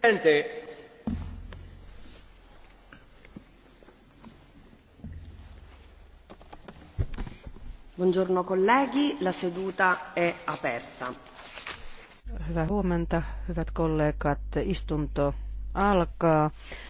presidente buongiorno colleghi la seduta è aperta. hyvää huomenta hyvät kollegat istunto alkaa.